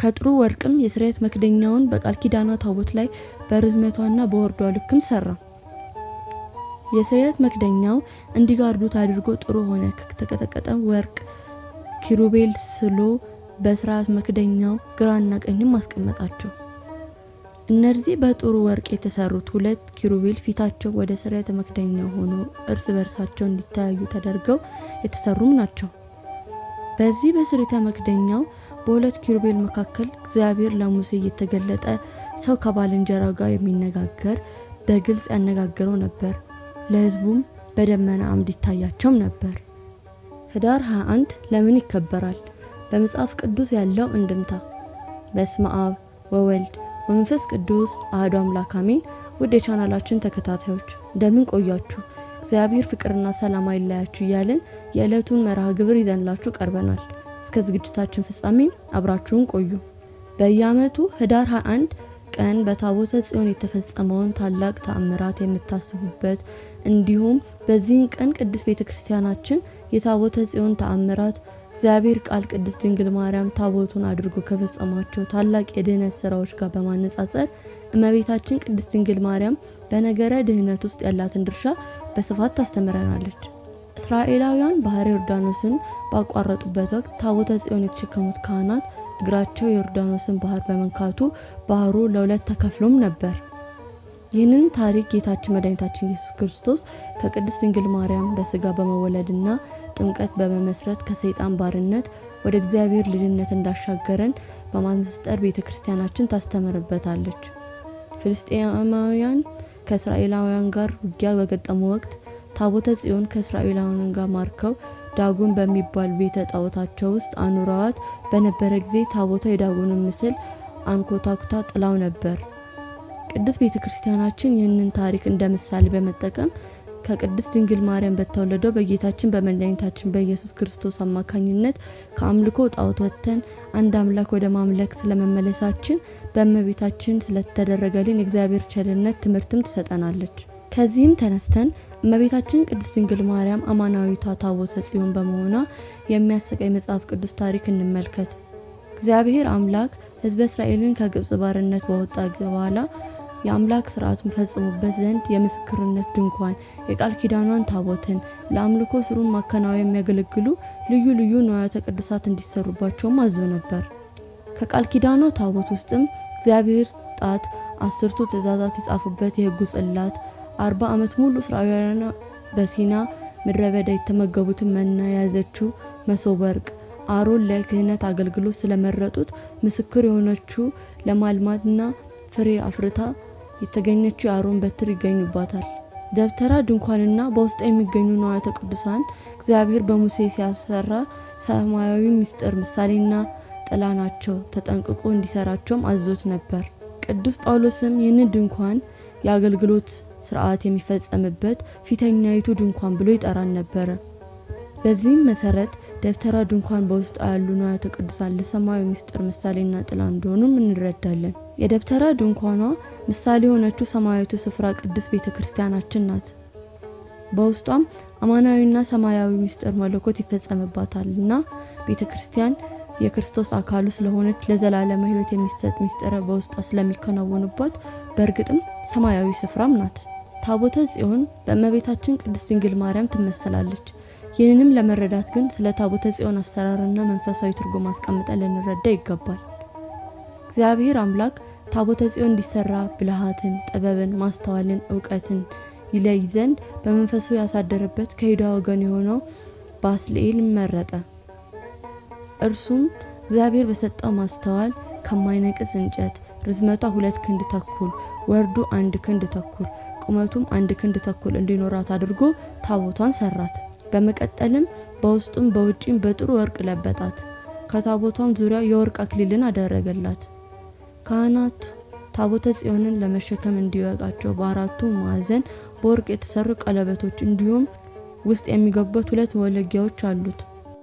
ከጥሩ ወርቅም የስርየት መክደኛውን በቃል ኪዳኗ ታቦት ላይ በርዝመቷና በወርዷ ልክም ሰራ። የስርየት መክደኛው እንዲጋርዱት አድርጎ ጥሩ ሆነ። ከተቀጠቀጠ ወርቅ ኪሩቤል ስሎ በስርዓት መክደኛው ግራና ቀኝም አስቀመጣቸው። እነዚህ በጥሩ ወርቅ የተሰሩት ሁለት ኪሩቤል ፊታቸው ወደ ስርየተ መክደኛው ሆኖ እርስ በርሳቸው እንዲተያዩ ተደርገው የተሰሩም ናቸው። በዚህ በስርየተ መክደኛው በሁለት ኪሩቤል መካከል እግዚአብሔር ለሙሴ እየተገለጠ ሰው ከባልንጀራው ጋር የሚነጋገር በግልጽ ያነጋግረው ነበር። ለህዝቡም በደመና አምድ ይታያቸውም ነበር። ህዳር 21 ለምን ይከበራል? በመጽሐፍ ቅዱስ ያለው እንድምታ። በስመ አብ ወወልድ ወመንፈስ ቅዱስ አህዶ አምላክ አሜን። ውድ የቻናላችን ተከታታዮች እንደምን ቆያችሁ? እግዚአብሔር ፍቅርና ሰላም አይለያችሁ እያልን የዕለቱን መርሃ ግብር ይዘንላችሁ ቀርበናል። እስከ ዝግጅታችን ፍጻሜ አብራችሁን ቆዩ። በየዓመቱ ህዳር 21 ቀን በታቦተ ጽዮን የተፈጸመውን ታላቅ ተአምራት የምታስቡበት እንዲሁም በዚህን ቀን ቅድስት ቤተ ክርስቲያናችን የታቦተ ጽዮን ተአምራት እግዚአብሔር ቃል ቅድስት ድንግል ማርያም ታቦቱን አድርጎ ከፈጸማቸው ታላቅ የድህነት ስራዎች ጋር በማነጻጸር እመቤታችን ቅድስት ድንግል ማርያም በነገረ ድህነት ውስጥ ያላትን ድርሻ በስፋት ታስተምረናለች። እስራኤላውያን ባህር ዮርዳኖስን ባቋረጡበት ወቅት ታቦተ ጽዮን የተሸከሙት ካህናት እግራቸው የዮርዳኖስን ባህር በመንካቱ ባህሩ ለሁለት ተከፍሎም ነበር። ይህንን ታሪክ ጌታችን መድኃኒታችን ኢየሱስ ክርስቶስ ከቅድስት ድንግል ማርያም በስጋ በመወለድና ጥምቀት በመመስረት ከሰይጣን ባርነት ወደ እግዚአብሔር ልጅነት እንዳሻገረን በማንስጠር ቤተ ክርስቲያናችን ታስተምርበታለች። ፍልስጤማውያን ከእስራኤላውያን ጋር ውጊያ በገጠሙ ወቅት ታቦተ ጽዮን ከእስራኤላውያን ጋር ማርከው ዳጉን በሚባል ቤተ ጣዖታቸው ውስጥ አኑረዋት በነበረ ጊዜ ታቦታ የዳጉንን ምስል አንኮታኩታ ጥላው ነበር። ቅድስት ቤተ ክርስቲያናችን ይህንን ታሪክ እንደ ምሳሌ በመጠቀም ከቅድስት ድንግል ማርያም በተወለደው በጌታችን በመድኃኒታችን በኢየሱስ ክርስቶስ አማካኝነት ከአምልኮ ጣዖት ወጥተን አንድ አምላክ ወደ ማምለክ ስለመመለሳችን በእመቤታችን ስለተደረገልን የእግዚአብሔር ቸልነት ትምህርትም ትሰጠናለች። ከዚህም ተነስተን እመቤታችን ቅድስት ድንግል ማርያም አማናዊቷ ታቦተ ጽዮን በመሆኗ የሚያሰቃይ መጽሐፍ ቅዱስ ታሪክ እንመልከት። እግዚአብሔር አምላክ ሕዝበ እስራኤልን ከግብፅ ባርነት በወጣ በኋላ የአምላክ ስርዓቱን ፈጽሙበት ዘንድ የምስክርነት ድንኳን፣ የቃል ኪዳኗን ታቦትን፣ ለአምልኮ ስሩን ማከናወን የሚያገለግሉ ልዩ ልዩ ንዋያተ ቅድሳት እንዲሰሩባቸውም አዞ ነበር። ከቃል ኪዳኗ ታቦት ውስጥም እግዚአብሔር ጣት አስርቱ ትእዛዛት የጻፉበት የሕጉ ጽላት አርባ ዓመት ሙሉ እስራኤላውያን በሲና ምድረ በዳ የተመገቡትን መና የያዘችው መሶበ ወርቅ አሮን ለክህነት አገልግሎት ስለመረጡት ምስክር የሆነችው ለማልማትና ፍሬ አፍርታ የተገኘችው የአሮን በትር ይገኙባታል። ደብተራ፣ ድንኳንና በውስጥ የሚገኙ ነዋያተ ቅዱሳን እግዚአብሔር በሙሴ ሲያሰራ ሰማያዊ ምስጢር ምሳሌና ጥላ ናቸው። ተጠንቅቆ እንዲሰራቸውም አዞት ነበር። ቅዱስ ጳውሎስም ይህንን ድንኳን የአገልግሎት ስርዓት የሚፈጸምበት ፊተኛይቱ ድንኳን ብሎ ይጠራን ነበረ። በዚህም መሰረት ደብተራ ድንኳን በውስጡ ያሉ ንዋያተ ቅዱሳን ለሰማዩ ምስጢር ምሳሌና ጥላ እንደሆኑም እንረዳለን። የደብተራ ድንኳኗ ምሳሌ የሆነችው ሰማያዊቱ ስፍራ ቅድስት ቤተ ክርስቲያናችን ናት። በውስጧም አማናዊና ሰማያዊ ምስጢር መለኮት ይፈጸምባታልና ቤተ ክርስቲያን የክርስቶስ አካሉ ስለሆነች ለዘላለም ህይወት የሚሰጥ ምስጢር በውስጧ ስለሚከናወኑባት በእርግጥም ሰማያዊ ስፍራም ናት። ታቦተ ጽዮን በእመቤታችን ቅድስት ድንግል ማርያም ትመሰላለች። ይህንንም ለመረዳት ግን ስለ ታቦተ ጽዮን አሰራርና መንፈሳዊ ትርጉም አስቀምጠን ልንረዳ ይገባል። እግዚአብሔር አምላክ ታቦተ ጽዮን እንዲሰራ ብልሃትን፣ ጥበብን፣ ማስተዋልን፣ እውቀትን ይለይ ዘንድ በመንፈሱ ያሳደረበት ከይሁዳ ወገን የሆነው ባስልኤል መረጠ። እርሱም እግዚአብሔር በሰጠው ማስተዋል ከማይነቅስ እንጨት ርዝመቷ ሁለት ክንድ ተኩል ወርዱ አንድ ክንድ ተኩል ቁመቱም አንድ ክንድ ተኩል እንዲኖራት አድርጎ ታቦቷን ሰራት። በመቀጠልም በውስጡም በውጪም በጥሩ ወርቅ ለበጣት። ከታቦቷም ዙሪያ የወርቅ አክሊልን አደረገላት። ካህናቱ ታቦተ ጽዮንን ለመሸከም እንዲወቃቸው በአራቱ ማዕዘን በወርቅ የተሰሩ ቀለበቶች እንዲሁም ውስጥ የሚገቡበት ሁለት ወለጊያዎች አሉት።